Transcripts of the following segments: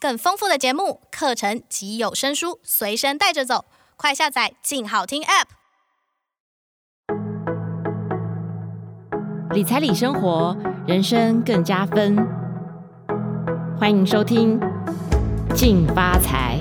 更豐富的節目、課程及有聲書隨身帶着走，快下載“鏡好聽 ”App。理財理生活，人生更加分。歡迎收聽《鏡發財》。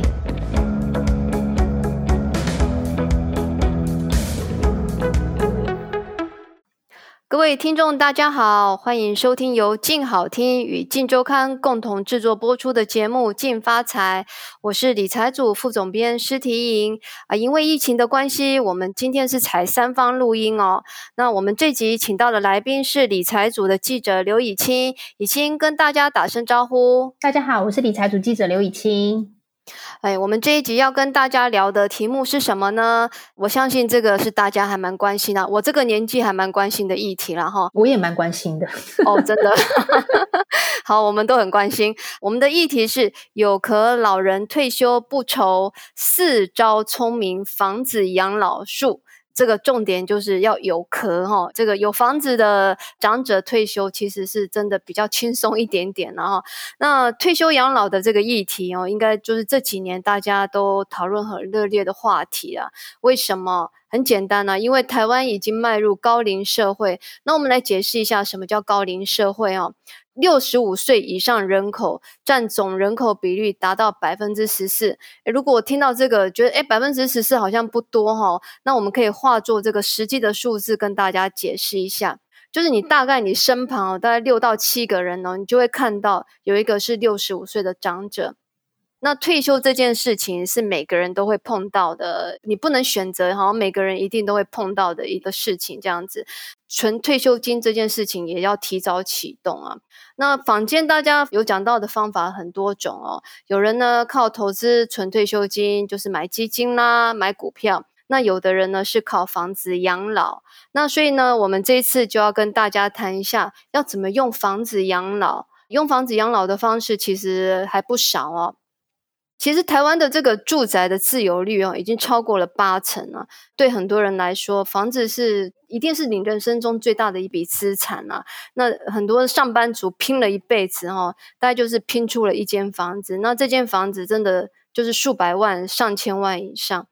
各位聽眾，大家好，歡迎收聽由鏡好聽與鏡週刊共同製作播出的節目《鏡發財》，我是理財組副總編施提瑩。啊，因為疫情的關係，我們今天是採三方錄音哦。那我們這集請到的來賓是理財組的記者劉以清，以清跟大家打聲招呼。大家好，我是理財組記者劉以清。哎，我們這一集要跟大家聊的題目是什麼呢？我相信這個是大家還蠻關心的，啊，我這個年紀還蠻關心的議題了哈。我也蠻關心的，哦、 oh，真的。 好，我們都很關心。我們的議題是：有殼老人退休不愁，四招聰明房子養老術。這個重點就是要有殼哈，這個有房子的長者退休其實是真的比較輕鬆一點點了哈。那退休養老的這個議題哦，應該就是這幾年大家都討論很熱烈的話題啊，為什麼？很簡單吶、啊，因為台灣已經邁入高齡社會。那我們來解釋一下什麼叫高齡社會哦，六十五歲以上人口占總人口比率達到百分之十四。誒，如果我聽到這個，覺得誒百分之十四好像不多哈，哦，那我們可以化作這個實際的數字跟大家解釋一下。就是你大概你身旁、哦、大概六到七個人哦，你就會看到有一個是六十五歲的長者。那退休這件事情是每個人都會碰到的，你不能選擇，好像每個人一定都會碰到的一個事情。這樣子存退休金這件事情也要提早啟動啊。那坊間大家有講到的方法很多種哦，有人呢靠投資存退休金，就是買基金啦、買股票；那有的人呢是靠房子養老。那所以呢，我們這一次就要跟大家談一下，要怎麼用房子養老。用房子養老的方式其實還不少哦。其實台灣的這個住宅的自有率哦已經超過了八成了。對很多人來說，房子是一定是你人生中最大的一筆資產啊。那很多上班族拼了一輩子哈，大概就是拼出了一間房子。那這間房子真的就是數百萬、上千萬以上，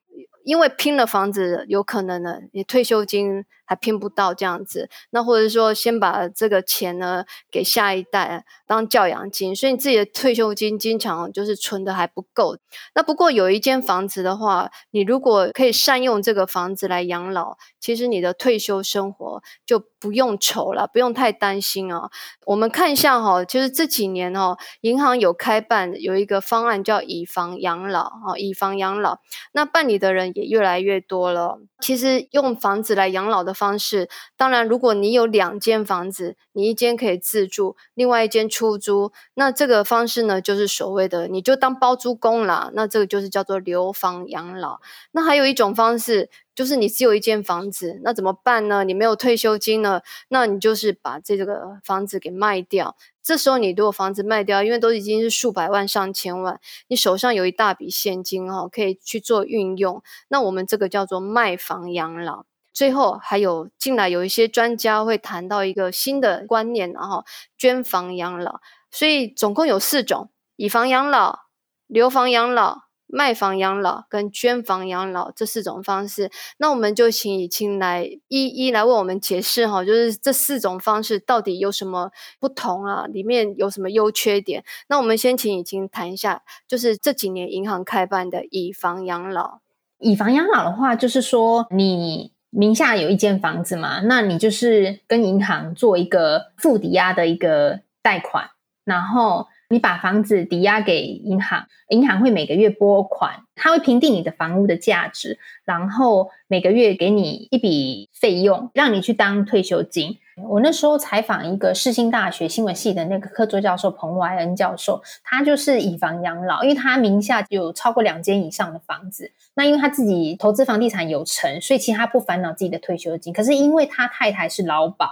因為拼了房子，有可能呢你退休金，還拼不到這樣子，那或者說先把這個錢呢給下一代當教養金，所以你自己的退休金經常就是存的還不夠。那不過有一間房子的話，你如果可以善用這個房子來養老，其實你的退休生活就不用愁了，不用太擔心哦。我們看一下哈，就是這幾年哦，銀行有開辦有一個方案叫以房養老啊，以房養老，那辦理的人也越來越多了。其實用房子來養老的。方式，當然如果你有兩間房子，你一間可以自住，另外一間出租，那這個方式呢，就是所謂的你就當包租公啦。那這個就是叫做留房養老。那還有一種方式，就是你只有一間房子，那怎麼辦呢？你沒有退休金了，那你就是把這個房子給賣掉。這時候你如果房子賣掉，因為都已經是數百萬上千萬，你手上有一大筆現金哦，可以去做運用。那我們這個叫做賣房養老。最後還有近來有一些專家會談到一個新的觀念、啊，然後捐房養老，所以總共有四種：以房養老、留房養老、賣房養老跟捐房養老這四種方式。那我們就請以青來一一來為我們解釋哈、啊，就是這四種方式到底有什麼不同啊？裡面有什麼優缺點？那我們先請以青談一下，就是這幾年銀行開辦的以房養老。以房養老的話，就是說你。名下有一間房子嘛，那你就是跟銀行做一個負抵押的一個貸款，然後你把房子抵押給銀行，銀行會每個月撥款，他會評定你的房屋的價值，然後每個月給你一筆費用，讓你去當退休金。我那時候採訪一個世新大學新聞系的那個客座教授彭懷恩教授，他就是以房養老，因為他名下有超過兩間以上的房子。那因為他自己投資房地產有成，所以其實他不煩惱自己的退休金。可是因為他太太是勞保，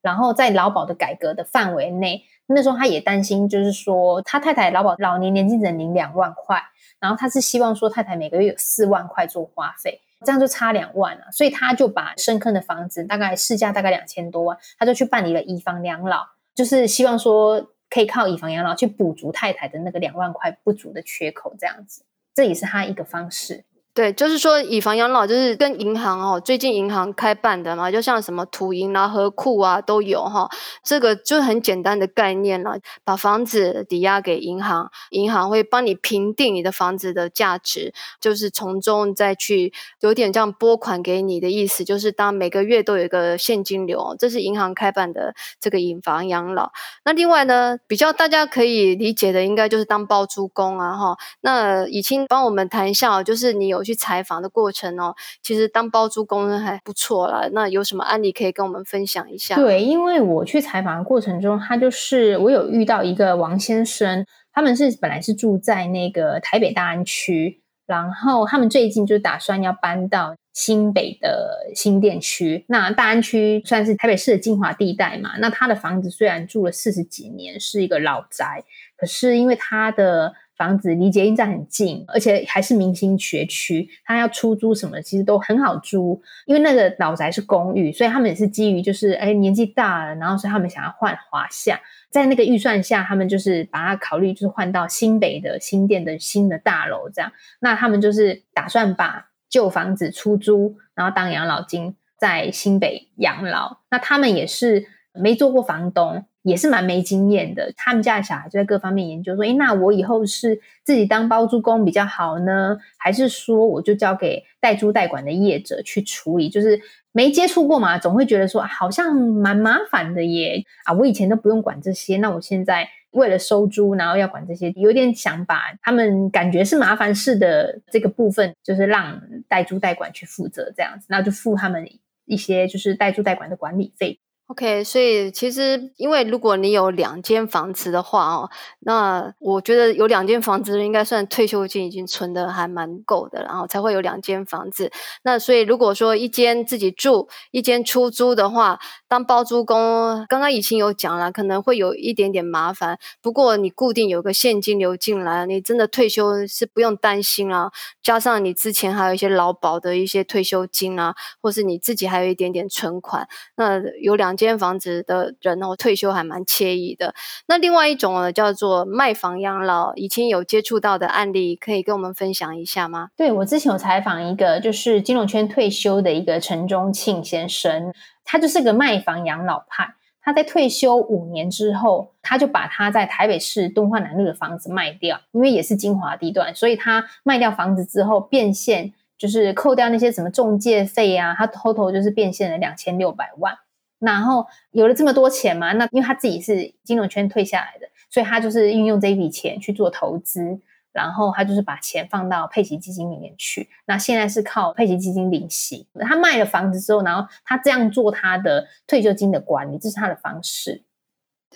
然後在勞保的改革的範圍內，那時候他也擔心，就是說他太太勞保老年年金只能領兩萬塊，然後他是希望說太太每個月有四萬塊做花費。這樣就差兩萬了啊，所以他就把深坑的房子大概市價大概兩千多萬，他就去辦理了以房養老，就是希望說可以靠以房養老去補足太太的那個兩萬塊不足的缺口，這樣子，這也是他一個方式。對，就是說以房養老就是跟銀行哦，最近銀行開辦的嘛，就像什麼土銀啊、合庫啊都有哈、哦。這個就很簡單的概念了，把房子抵押給銀行，銀行會幫你評定你的房子的價值，就是從中再去有點這樣撥款給你的意思，就是當每個月都有一個現金流、哦。這是銀行開辦的這個以房養老。那另外呢，比較大家可以理解的應該就是當包租公啊哈、哦。那以清幫我們談一下、哦，就是你有。去採訪的過程哦、喔，其實當包租公還不錯啦。那有什麼案例可以跟我們分享一下？對，因為我去採訪的過程中，他就是我有遇到一個王先生，他們是本來是住在那個台北大安區，然後他們最近就打算要搬到新北的新店區。那大安區算是台北市的精華地帶嘛？那他的房子雖然住了四十幾年，是一個老宅，可是因為他的房子離捷運站很近，而且還是明星學區。他要出租什麼，其實都很好租，因為那個老宅是公寓，所以他們也是基於就是，哎、欸，年紀大了，然後所以他們想要換華廈，在那個預算下，他們就是把它考慮就是換到新北的新店的新的大樓這樣。那他們就是打算把舊房子出租，然後當養老金在新北養老。那他們也是。沒做過房東，也是蠻沒經驗的。他們家的小孩就在各方面研究，說：“誒，那我以後是自己當包租公比較好呢，還是說我就交給代租代管的業者去處理？就是沒接觸過嘛，總會覺得說好像蠻麻煩的耶啊！我以前都不用管這些，那我現在為了收租，然後要管這些，有點想把他們感覺是麻煩事的這個部分，就是讓代租代管去負責這樣子，那就付他們一些就是代租代管的管理費。” OK，所以其實，因為如果你有兩間房子的話哦，那我覺得有兩間房子應該算退休金已經存的還蠻夠的，然後才會有兩間房子。那所以如果說一間自己住，一間出租的話，當包租公，剛剛已經有講了，可能會有一點點麻煩。不過你固定有個現金流進來，你真的退休是不用擔心了啊。加上你之前還有一些勞保的一些退休金啊，或是你自己還有一點點存款，那有兩間間房子的人哦，我退休還蠻愜意的。那另外一種呢，叫做賣房養老。以前有接觸到的案例，可以跟我們分享一下嗎？對，我之前有採訪一個，就是金融圈退休的一個陳忠慶先生，他就是個賣房養老派。他在退休五年之後，他就把他在台北市敦化南路的房子賣掉，因為也是精華地段，所以他賣掉房子之後變現，就是扣掉那些什麼中介費啊，他 total 就是變現了兩千六百萬。然後有了這麼多錢嘛，那因為他自己是金融圈退下來的，所以他就是運用這一筆錢去做投資，然後他就是把錢放到配息基金裡面去。那現在是靠配息基金領息，他賣了房子之後，然後他這樣做他的退休金的管理，這是他的方式。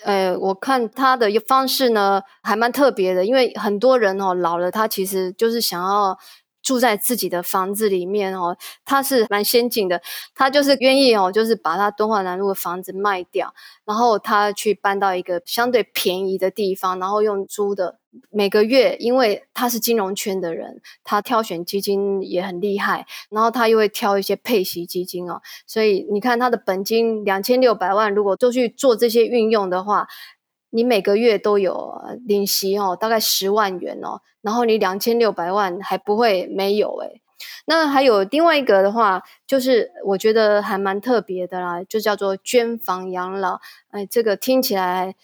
呃、哎，我看他的方式呢，還蠻特別的，因為很多人哦，老了，他其實就是想要。住在自己的房子裡面哦，他是蠻先進的，他就是願意哦，就是把他敦化南路的房子賣掉，然後他去搬到一個相對便宜的地方，然後用租的每個月，因為他是金融圈的人，他挑選基金也很厲害，然後他又會挑一些配息基金哦，所以你看他的本金兩千六百萬，如果都去做這些運用的話。你每個月都有領息哦，大概十萬元哦，然後你兩千六百萬還不會沒有誒，那還有另外一個的話，就是我覺得還蠻特別的啦，就叫做捐房養老，哎，這個聽起來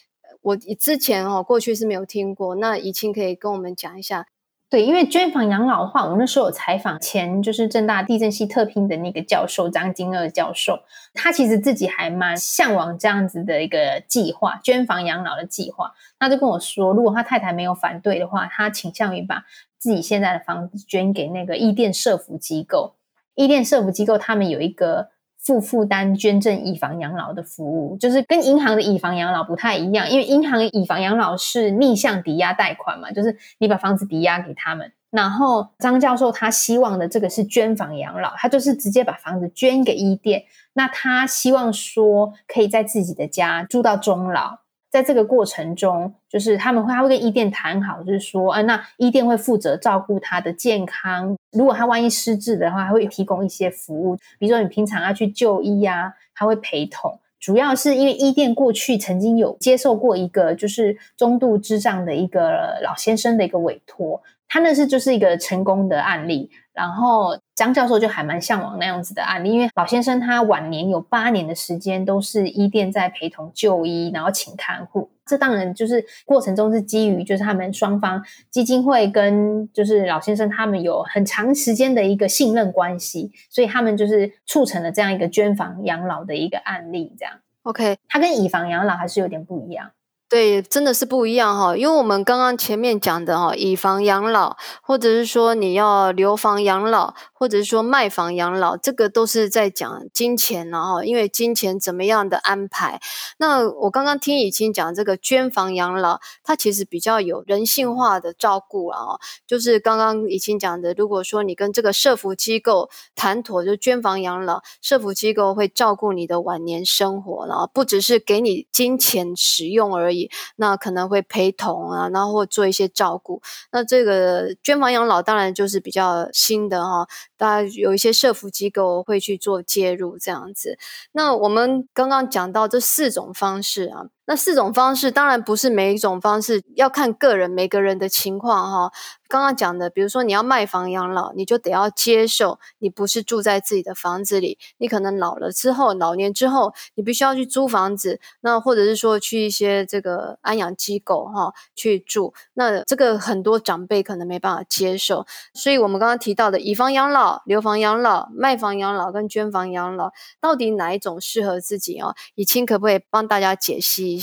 我之前哦過去是沒有聽過，那怡清可以跟我們講一下。對，因為捐房養老的話，我那時候有採訪前就是政大地政系特聘的那個教授張金鶚教授，他其實自己還蠻嚮往這樣子的一個計劃，捐房養老的計劃。他就跟我說，如果他太太沒有反對的話，他傾向於把自己現在的房子捐給那個伊甸社福機構。伊甸社福機構他們有一個。負負擔捐贈以房養老的服務，就是跟銀行的以房養老不太一樣，因為銀行以房養老是逆向抵押貸款嘛，就是你把房子抵押給他們。然後張教授他希望的這個是捐房養老，他就是直接把房子捐給伊甸，那他希望說可以在自己的家住到終老。在這個過程中，就是他們會他會跟伊甸談好，就是說，啊，那伊甸會負責照顧他的健康。如果他萬一失智的話，他會提供一些服務，比如說你平常要去就醫啊，他會陪同。主要是因為伊甸過去曾經有接受過一個就是中度智障的一個老先生的一個委託，他那是就是一個成功的案例，然後。張教授就還蠻嚮往那樣子的案例，因為老先生他晚年有八年的時間都是伊甸在陪同就醫，然後請看護。這當然就是過程中是基於就是他們雙方基金會跟就是老先生他們有很長時間的一個信任關係，所以他們就是促成了這樣一個捐房養老的一個案例。這樣，OK，它跟以房養老還是有點不一樣。對，真的是不一樣哈，因為我們剛剛前面講的哈，以房養老，或者是說你要留房養老，或者是說賣房養老，這個都是在講金錢了，因為金錢怎麼樣的安排？那我剛剛聽以清講這個捐房養老，它其實比較有人性化的照顧了哦。就是剛剛以清講的，如果說你跟這個社福機構談妥，就捐房養老，社福機構會照顧你的晚年生活，然後不只是給你金錢使用而已。那可能會陪同啊，然後做一些照顧。那這個捐房養老當然就是比較新的哈、哦，當然有一些社福機構會去做介入這樣子。那我們剛剛講到這四種方式啊。那四種方式當然不是每一種方式，要看個人、每個人的情況哈、哦。剛剛講的，比如說你要賣房養老，你就得要接受你不是住在自己的房子裡，你可能老了之後、老年之後，你必須要去租房子，那或者是說去一些這個安養機構哈、哦、去住。那這個很多長輩可能沒辦法接受，所以我們剛剛提到的以房養老、留房養老、賣房養老跟捐房養老，到底哪一種適合自己哦，以清可不可以幫大家解析一下？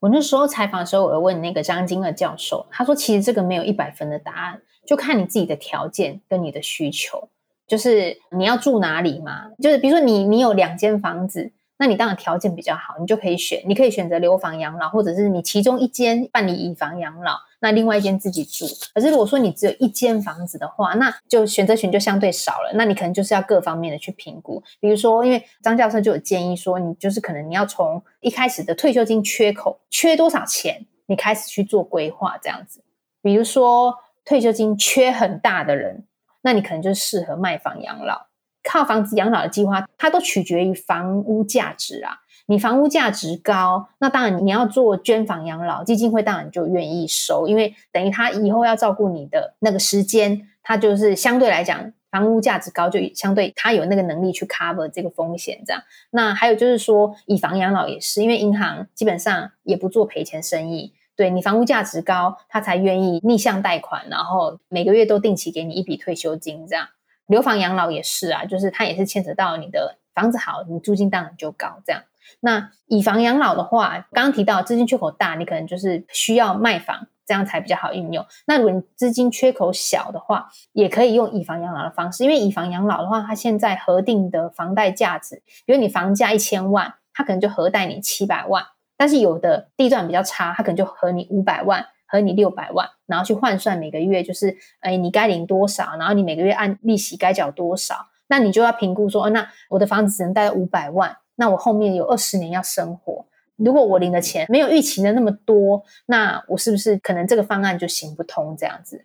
我那時候採訪的時候，我有問那個張金鶚教授，他說：“其實這個沒有一百分的答案，就看你自己的條件，跟你的需求，就是你要住哪裡嘛，就是比如說你你有兩間房子。”那你當然條件比較好，你就可以選，你可以選擇留房養老，或者是你其中一間辦理以房養老，那另外一間自己住。可是如果說你只有一間房子的話，那就選擇權就相對少了，那你可能就是要各方面的去評估。比如說，因為張教授就有建議說，你就是可能你要從一開始的退休金缺口缺多少錢，你開始去做規劃這樣子。比如說退休金缺很大的人，那你可能就適合賣房養老。靠房子養老的計劃，它都取決於房屋價值啊。你房屋價值高，那當然你要做捐房養老基金會，當然就願意收，因為等於他以後要照顧你的那個時間，他就是相對來講房屋價值高，就相對他有那個能力去 cover 這個風險這樣。那還有就是說，以房養老也是，因為銀行基本上也不做賠錢生意，對，你房屋價值高，他才願意逆向貸款，然後每個月都定期給你一筆退休金這樣。留房養老也是啊，就是它也是牽扯到你的房子好，你租金當然就高這樣。那以房養老的話，剛剛提到資金缺口大，你可能就是需要賣房，這樣才比較好運用。那如果你資金缺口小的話，也可以用以房養老的方式，因為以房養老的話，它現在核定的房貸價值，比如你房價一千萬，它可能就核貸你七百萬，但是有的地段比較差，它可能就核你五百萬。和你六百萬，然後去換算每個月，就是誒、哎，你該領多少，然後你每個月按利息該繳多少，那你就要評估說，哦，那我的房子只能貸五百萬，那我後面有二十年要生活，如果我領的錢沒有預期的那麼多，那我是不是可能這個方案就行不通這樣子？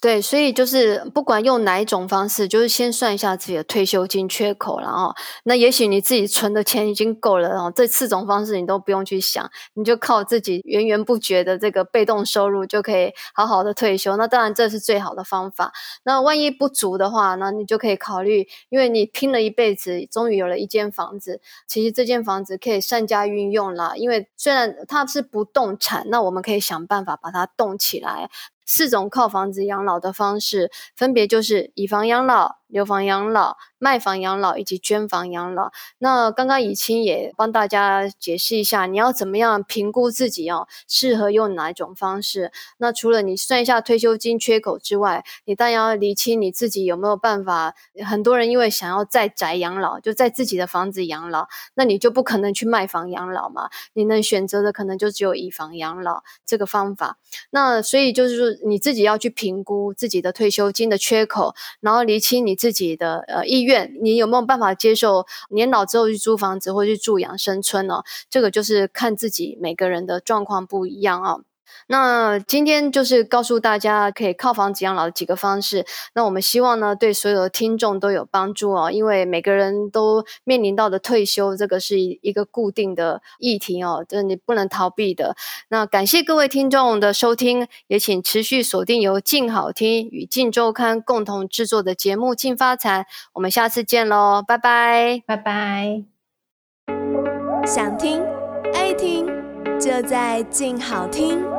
對，所以就是不管用哪一種方式，就是先算一下自己的退休金缺口然後，哦，那也許你自己存的錢已經夠了，然後這四種方式你都不用去想，你就靠自己源源不絕的這個被動收入就可以好好的退休。那當然這是最好的方法。那萬一不足的話呢，那你就可以考慮，因為你拼了一輩子，終於有了一間房子，其實這間房子可以善加運用啦，因為雖然它是不動產，那我們可以想辦法把它動起來。四種靠房子養老的方式，分別就是以房養老、留房養老、賣房養老以及捐房養老。那剛剛以清也幫大家解釋一下，你要怎麼樣評估自己哦，適合用哪一種方式？那除了你算一下退休金缺口之外，你當然要釐清你自己有沒有辦法。很多人因為想要在宅養老，就在自己的房子養老，那你就不可能去賣房養老嘛。你能選擇的可能就只有以房養老這個方法。那所以就是說，你自己要去評估自己的退休金的缺口，然後釐清你自己的呃意願，你有沒有辦法接受年老之後去租房子或去住養生村呢？這個就是看自己每個人的狀況不一樣啊、哦。那今天就是告訴大家可以靠房子養老的幾個方式。那我們希望呢，對所有的聽眾都有幫助哦，因為每個人都面臨到的退休，這個是一一個固定的議題哦，就是你不能逃避的。那感謝各位聽眾的收聽，也請持續鎖定由鏡好聽與鏡週刊共同製作的節目《鏡發財》，我們下次見嘍，拜拜，拜拜。想聽愛聽，就在鏡好聽。